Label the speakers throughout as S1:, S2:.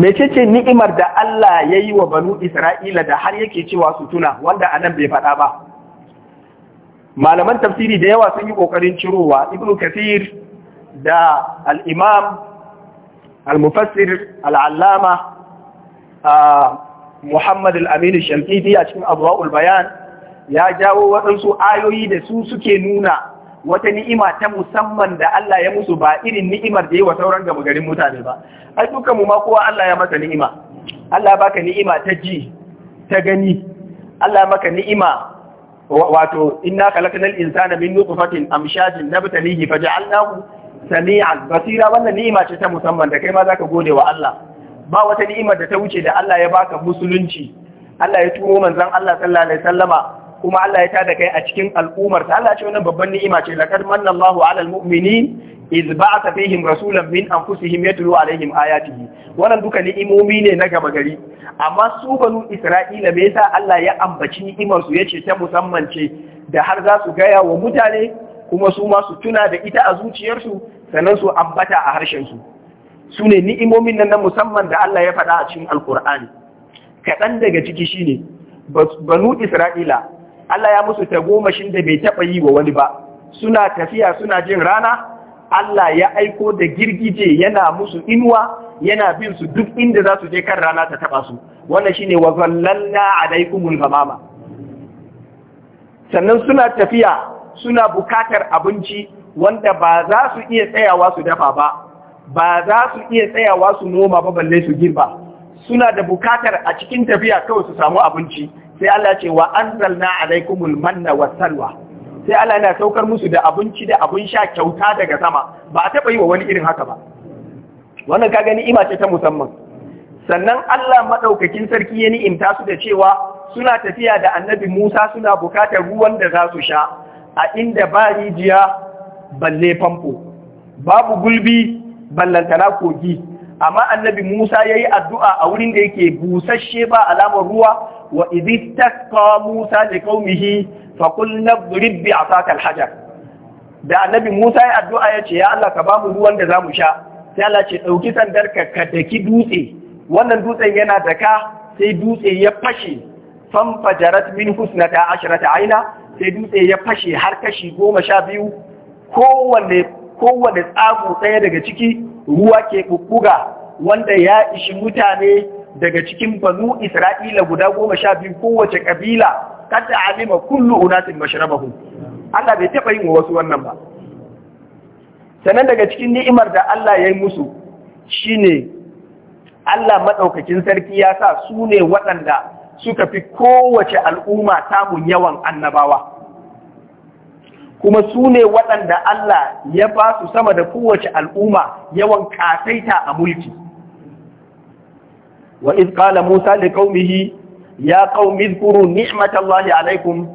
S1: mecece ni'imar da Allah ya yi wa banu Isra'ila da har yake cewa su tuna wanda a nan bai faɗa ba. Malaman tafsiri da yawa sun yi ƙoƙarin cirowa, Ibn Kathir da al'imam, al-mufassir, al'allama, Muhammad Aminu Shamkiti a cikin abuwa bayan ya jawo waɗansu ayoyi da su suke nuna wata ni'ima ta musamman da Allah ya musu ba irin ni'imar da yi wa sauran gama garin mutane ba ai duka mu ma kowa Allah ya masa ni'ima Allah baka ni'ima ta ji ta gani Allah maka ni'ima wato inna khalaqnal insana min nutfatin amshajin nabtalihi faj'alnahu sami'an basira wannan ni'ima ce ta musamman da kai ma ka gode wa Allah ba wata ni'imar da ta wuce da Allah ya baka musulunci Allah ya turo manzon Allah sallallahu alaihi wasallama kuma Allah ya tada kai a cikin al'ummar ta Allah ya ce wannan babban ni'ima ce laqad manna Allahu 'alal mu'minin iz ba'atha fihim rasulan min anfusihim yatlu 'alaihim ayatihi wannan duka ni'imomi ne na gaba gari amma su banu Isra'ila me yasa Allah ya ambaci ni'imar su yace ta musamman ce da har za su gaya wa mutane kuma su ma su tuna da ita a zuciyarsu sannan su ambata a harshen su su ne ni'imomin nan na musamman da Allah ya faɗa a cikin Alƙur'ani kaɗan daga ciki shine banu Isra'ila Allah ya musu tagomashin da bai taɓa yi wa wani ba suna tafiya suna jin rana Allah ya aiko da girgije yana musu inuwa yana bin su duk inda za su je kan rana ta taɓa su wannan shine wa zallalna alaikumul hamama. sannan suna tafiya suna bukatar abinci wanda ba za su iya tsayawa su dafa ba ba za su iya tsayawa su noma ba balle su girba suna da bukatar a cikin tafiya kawai su samu abinci sai Allah ce wa anzalna alaikumul manna wa salwa sai Allah yana saukar musu da abinci da abin sha kyauta daga sama ba a taba yi wa wani irin haka ba wannan ka gani ima ce ta musamman sannan Allah madaukakin sarki ya ni'imta su da cewa suna tafiya da annabi Musa suna bukatar ruwan da za su sha a inda ba rijiya balle famfo babu gulbi ballantana kogi amma annabi Musa yayi addu'a a wurin da yake busasshe ba alamar ruwa wa idh ka Musa ne kaumihi fa qulna idrib bi a hajar da annabi Musa ya addu'a ya ce ya Allah ka mu ruwan da za mu sha sai Allah ce ɗauki sandar ka ka daki dutse wannan dutsen yana daka sai dutse ya fashe famfa jarat min ashirar ta aina sai dutse ya fashe har kashi goma sha biyu kowane kowane tsago tsaye daga ciki ruwa ke kukkuga wanda ya ishi mutane daga cikin banu Isra'ila guda goma sha biyu kowace kabila kada alima kullu unatin mashrabahu Allah bai taɓa yin wasu wannan ba sannan daga cikin ni'imar da Allah ya yi musu shi ne Allah maɗaukakin sarki ya sa su ne waɗanda suka fi kowace al'umma samun yawan annabawa kuma su ne waɗanda Allah ya ba su sama da kowace al'umma yawan kasaita a mulki. wa iz qala musa liqaumihi ya qaumi izkuru ni'matallahi alaikum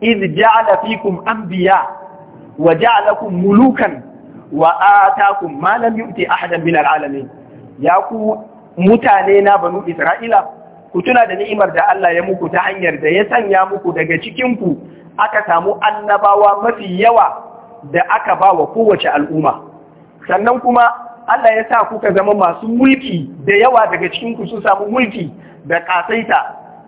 S1: iz ja'ala fikum anbiya wa ja'alakum mulukan wa atakum ma lam yu'ti ahadan min alalamin ya ku mutane na banu isra'ila ku tuna da ni'imar da Allah ya muku ta hanyar da ya sanya muku daga cikin ku aka samu annabawa mafi yawa da aka ba wa kowace al'umma sannan kuma Allah ya sa kuka zama masu mulki da yawa daga cikin ku sun samu mulki da kasaita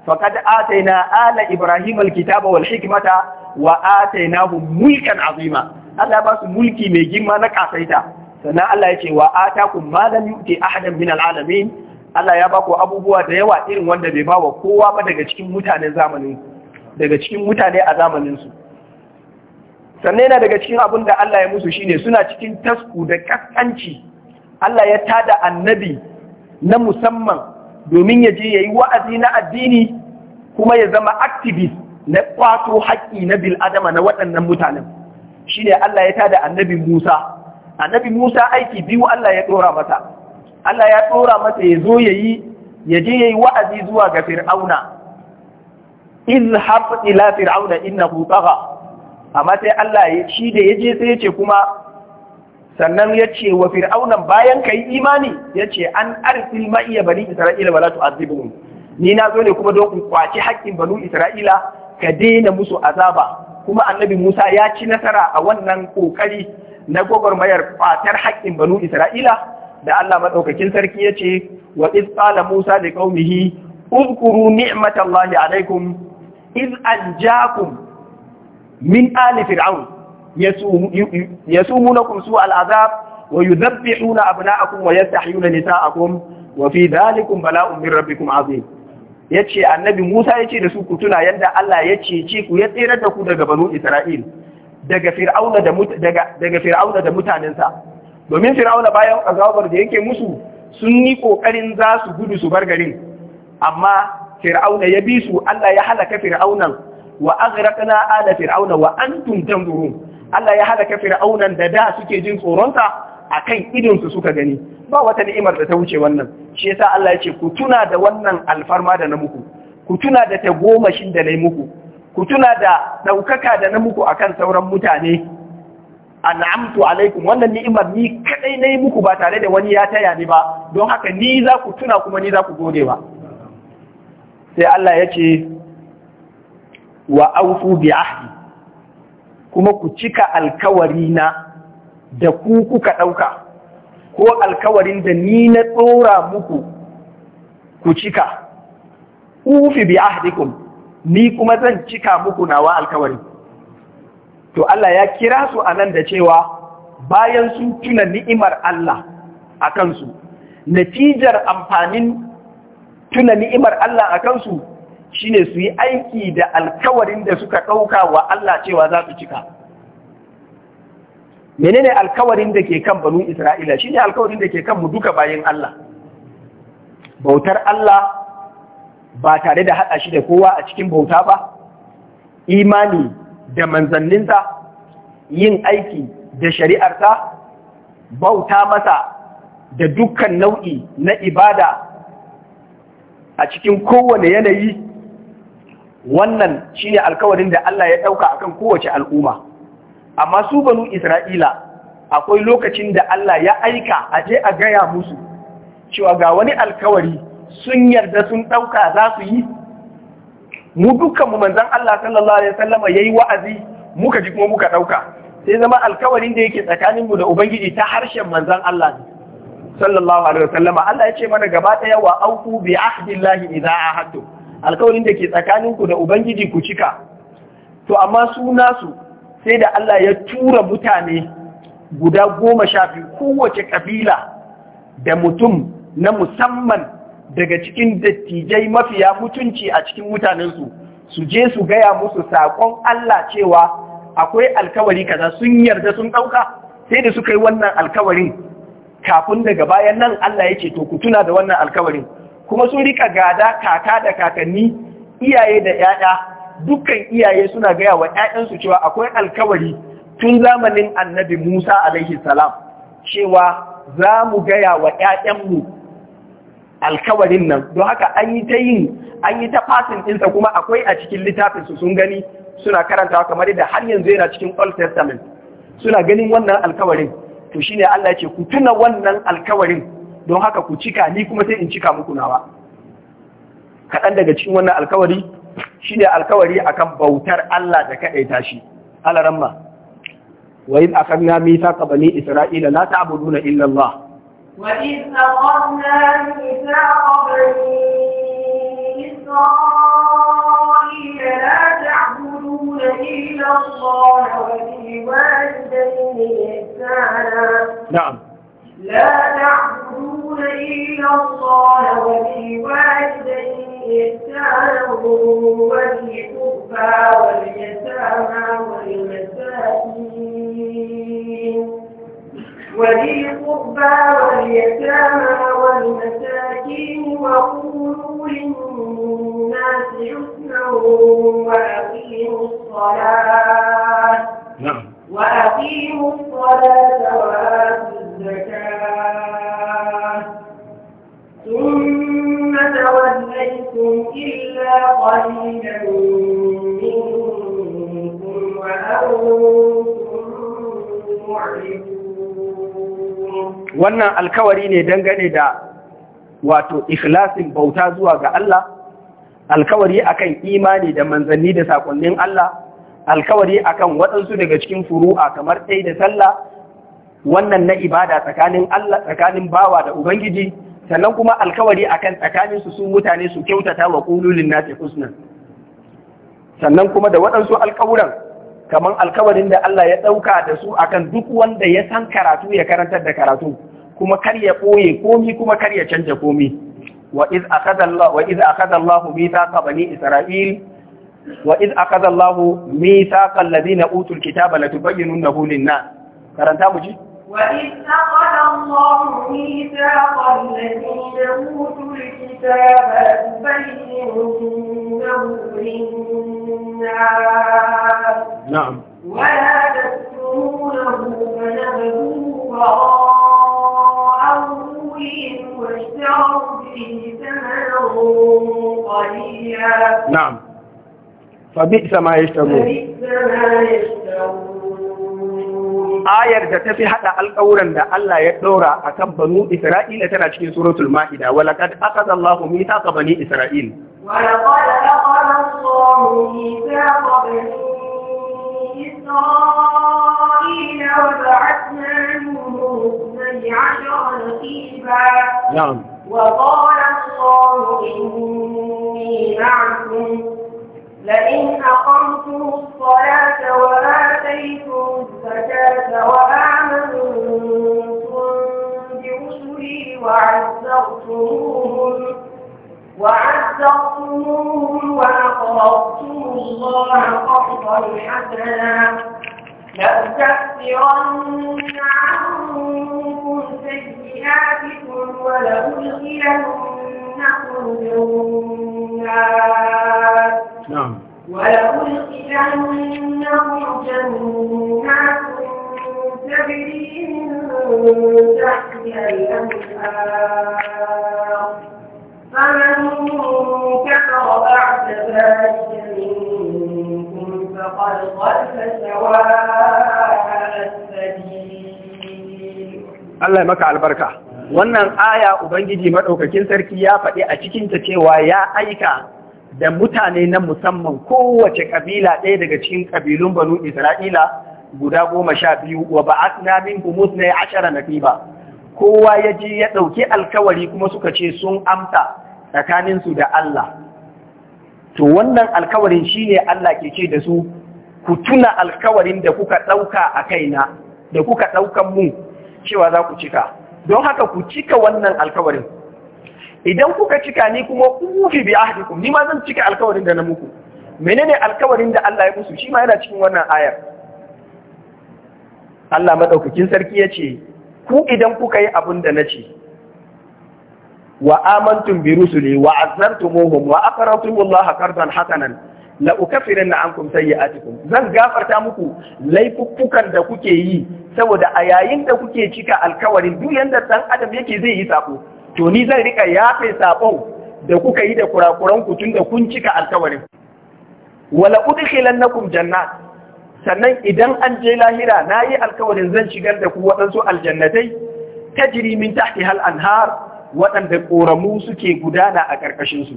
S1: faqad ataina ala ibrahim alkitaba wal hikmata wa atainahu mulkan azima Allah ba su mulki mai girma na kasaita sannan Allah ya ce wa atakum ma lam yu'ti ahadan min alalamin Allah ya ba ku abubuwa da yawa irin wanda bai ba wa kowa ba daga cikin mutanen zamanin daga cikin mutane a zamanin su sannan yana daga cikin abin da Allah ya musu shine suna cikin tasku da kaskanci Allah ya tada annabi na musamman domin ya je ya yi wa'azi na addini kuma ya zama activist na kwato haƙƙi na bil'adama na waɗannan mutanen shi ne Allah ya tada annabi Musa annabi Musa aiki biyu Allah ya ɗora masa Allah ya ɗora masa ya zo ya yi ya je ya yi wa'azi zuwa ga fir'auna izhab ila fir'auna inna tagha amma sai Allah ya shi da yaje sai ya ce kuma sannan ya ce wa fir'aunan bayan ka yi imani ya ce an arsil ma'iya iya bani isra'ila ba la ni na zo ne kuma don in kwaci haƙƙin banu isra'ila ka daina musu azaba kuma annabi musa ya ci nasara a wannan ƙoƙari na gwagwarmayar kwatar haƙƙin banu isra'ila da allah maɗaukakin sarki ya ce wa iz musa da kaumihi uzkuru ni'matallahi alaikum iz anjakum min ali fir'aun yasumunakum su al'azab wa yudhabbihuna abna'akum wa yastahyuna nisa'akum wa fi dhalikum bala'un min rabbikum yace annabi Musa yace da su ku tuna yanda Allah ya cece ku ya tsere da ku daga banu Isra'il daga Fir'auna da daga daga Fir'auna da mutanensa domin Fir'auna bayan azabar da yake musu sun yi kokarin za su gudu su bar garin amma Fir'auna ya bi su Allah ya halaka Fir'aunan wa aghraqna ala Fir'auna wa antum tanzurun Allah ya halaka fir'aunan da da suke jin tsoronsa akan idonsu suka gani ba wata ni'imar da ta wuce wannan shi yasa Allah ya ce ku tuna da wannan alfarma da na muku ku tuna da tagomashin da na muku ku tuna da ɗaukaka da na muku akan sauran mutane an'amtu alaikum wannan ni'imar ni kadai na muku ba tare da wani ya taya ni ba don haka ni za ku tuna kuma ni za ku gode ba sai Allah ya ce wa aufu bi ahdi kuma ku cika alkawari na da ku kuka ɗauka ko alkawarin da ni na tsora muku ku cika ufi bi ahdikum ni kuma zan cika muku nawa alkawari to Allah ya kira su anan da cewa bayan sun tuna ni'imar Allah a kansu natijar amfanin tuna ni'imar Allah a kansu shine su yi aiki da alkawarin da suka ɗauka wa Allah cewa za su cika menene alkawarin da ke kan banu Isra'ila shine alkawarin da ke kan mu duka bayan Allah bautar Allah ba tare da haɗa shi da kowa a cikin bauta ba imani da manzanninsa yin aiki da shari'arsa bauta masa da dukkan nau'i na ibada a cikin kowane yanayi wannan shine alkawarin da Allah ya ɗauka akan kowace al'umma amma su banu Isra'ila akwai lokacin da Allah ya aika a je a gaya musu cewa ga wani alkawari sun yarda sun ɗauka za su yi mu dukkanmu manzan Allah sallallahu alaihi ya yayi wa'azi muka ji kuma muka ɗauka sai zama alkawarin da yake tsakaninmu da ubangiji ta harshen manzan Allah ne sallallahu alaihi Allah ya ce mana gaba ɗaya wa auku bi ahdillahi idza ahadtum alkawarin da ke tsakaninku da ubangiji ku cika to amma su sai da Allah ya tura mutane guda goma shafi kowace kabila da mutum na musamman daga cikin dattijai mafiya mutunci a cikin mutanensu su je su gaya musu saƙon Allah cewa akwai alkawari kaza sun yarda sun ɗauka sai da suka yi wannan alkawarin kafin daga bayan nan Allah ya ce to ku tuna da wannan alkawarin kuma sun rika gada kaka da kakanni iyaye da 'ya'ya dukkan iyaye suna gaya wa ƴaƴansu cewa akwai alkawari tun zamanin annabi Musa alaihi salam cewa za mu gaya wa ƴaƴanmu alkawarin nan don haka an yi ta yin an yi ta fasin ɗinsa kuma akwai a cikin littafinsu sun gani suna karantawa kamar da har yanzu yana cikin Old Testament suna ganin wannan alkawarin to shine Allah ce ku tuna wannan alkawarin don haka ku cika ni kuma sai in cika muku nawa kaɗan daga cikin wannan alkawari shi ne alkawari akan bautar Allah da kaɗaita shi alaramma wa yin akanna mithaqa bani isra'ila na la ta'buduna illa Allah
S2: wa in akanna mithaqa bani isra'ila la ta'buduna na Allah wa bi walidayni ihsana na'am la ta'buduna يعبدون إلا الله وبالوالدين إحسانا وذي واليتامى والمساكين وذي واليتامى والمساكين وقولوا للناس حسنا وأقيموا الصلاة نعم وأقيموا الصلاة وآتوا الزكاة ثم توليتم إلا قليلا منكم وأنتم معرضون
S1: wannan alkawari ne dangane da wato ikhlasin bauta zuwa ga Allah alkawari akan imani da manzanni da sakonnin Allah alkawari akan waɗansu daga cikin furu'a kamar sai da sallah wannan na ibada tsakanin Allah tsakanin bawa da ubangiji sannan kuma alkawari akan tsakanin su sun mutane su kyautata wa kululin nasi husna sannan kuma da waɗansu alkawuran kamar alkawarin da Allah ya ɗauka da su akan duk wanda ya san karatu ya karantar da karatu kuma kar ya ɓoye komi kuma kar ya canja komi wa iz akhadha Allah wa iz akhadha Allah mithaqa bani Isra'il وإذ أخذ الله ميثاق الذين أوتوا الكتاب لتبيننه للناس قرنتا مجي
S2: وإذ أخذ الله ميثاق الذين أوتوا الكتاب لتبيننه للناس نعم
S1: فبئس ما يشترون ayar da tafi hada alƙawuran da Allah ya ɗora a kan banu Isra'ila tana cikin suratul Ma'ida, wala kad akada Allah mu ta ka bani Isra'il. Wala kad akada Allah mu ta ka bani
S2: إسرائيل وبعثنا منهم اثني عشر نقيبا نعم وقال الله إني معكم لئن أقمتم الصلاة وآتيتم الزكاة وآمنتم برسلي وعزرتموهم وعزرتموهم وأقرضتم الله قرضا حسنا لأكفرن عنكم سيئاتكم ولأدخلنكم جنات نعم ولأدخلنهم جنات تجري من تحتها الأنهار فمن كفر بعد ذلك منكم فقد ضل سواء السبيل
S1: الله يمكع البركة wannan aya Ubangiji maɗaukakin sarki ya faɗi a cikinta cewa ya aika da mutane na musamman kowace kabila ɗaya daga cikin kabilun banu isra'ila guda goma sha biyu wa ba a sinamin kumus na ashara na ba kowa ya je ya ɗauki alkawari kuma suka ce sun amsa tsakaninsu da Allah to wannan alkawarin shine Allah ke ce da su ku tuna alkawarin da kuka ɗauka a kaina da kuka ɗaukan mu cewa za ku cika don haka ku cika wannan alkawarin idan kuka cika ni kuma kufi bi ahdikum ni ma zan cika alkawarin da na muku menene alkawarin da Allah ya musu shi ma yana cikin wannan ayar Allah madaukakin sarki yace ku idan kuka yi abin da nace wa amantum bi rusuli wa nan, wa aqrartumullaha qardan hasanan la ukaffiranna ankum sayi'atikum zan gafarta muku laifukukan da kuke yi saboda a yayin da kuke cika alkawarin duk yanda dan adam yake zai yi sako to ni zan rika yafe sabon da kuka yi da kurakuran ku tun da kun cika alkawarin wala udkhilannakum janna? sannan idan an je lahira nayi alkawarin zan shigar da ku wadansu aljannatai tajri min tahti hal anhar waɗanda koramu suke gudana a karkashin su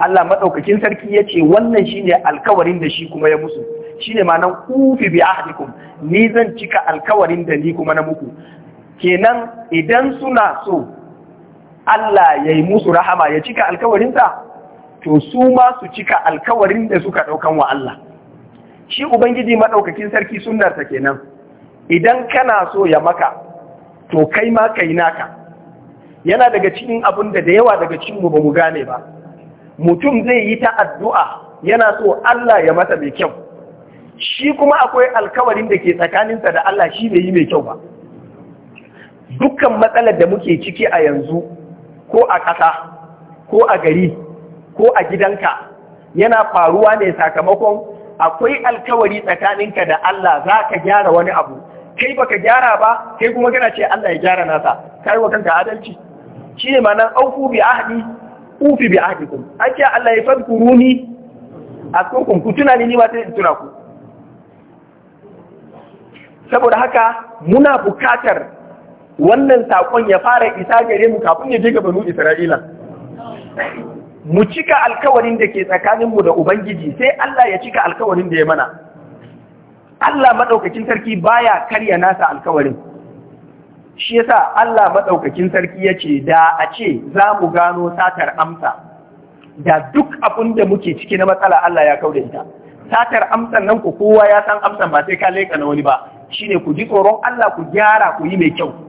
S1: Allah madaukakin sarki yace wannan shine alkawarin da shi kuma ya musu shine nan ufi bi ahdikum ni zan cika alkawarin da ni kuma na muku kenan idan suna so Allah ya yi musu rahama ya cika alkawarinsa to su ma su cika alkawarin da suka ɗaukan wa Allah shi ubangiji maɗaukakin sarki sunnarsa kenan idan kana so ya maka to kai ma kai naka yana daga cikin abin da da yawa daga cikinmu ba mu gane ba mutum zai yi ta addu'a yana so Allah ya masa mai kyau shi kuma akwai alkawarin da ke tsakaninsa da Allah shi mai yi mai kyau ba dukkan matsalar da muke ciki a yanzu ko a ƙasa ko a gari ko a gidanka yana faruwa ne sakamakon akwai alkawari tsakaninka da Allah za ka gyara wani abu kai baka gyara ba kai kuma kana ce Allah ya gyara nasa kai wa kanka adalci shi ne ma'anar auku bi ahadi ufi bi ahdikum an ce Allah ya a akurkum ku tuna ni ma sai in tuna ku saboda haka muna bukatar wannan saƙon ya fara isa gare mu kafin ya je ga banu Isra'ila. Mu cika alkawarin da ke tsakaninmu da Ubangiji sai Allah ya cika alkawarin da ya mana. Allah maɗaukakin sarki baya karya nasa alkawarin. Shi yasa Allah maɗaukakin sarki ya ce da a ce za mu gano satar amsa da duk abin da muke ciki na matsala Allah ya kau ita. Satar amsan nan ku kowa ya san amsan ba sai ka leƙa na wani ba. Shine ku ji tsoron Allah ku gyara ku yi mai kyau.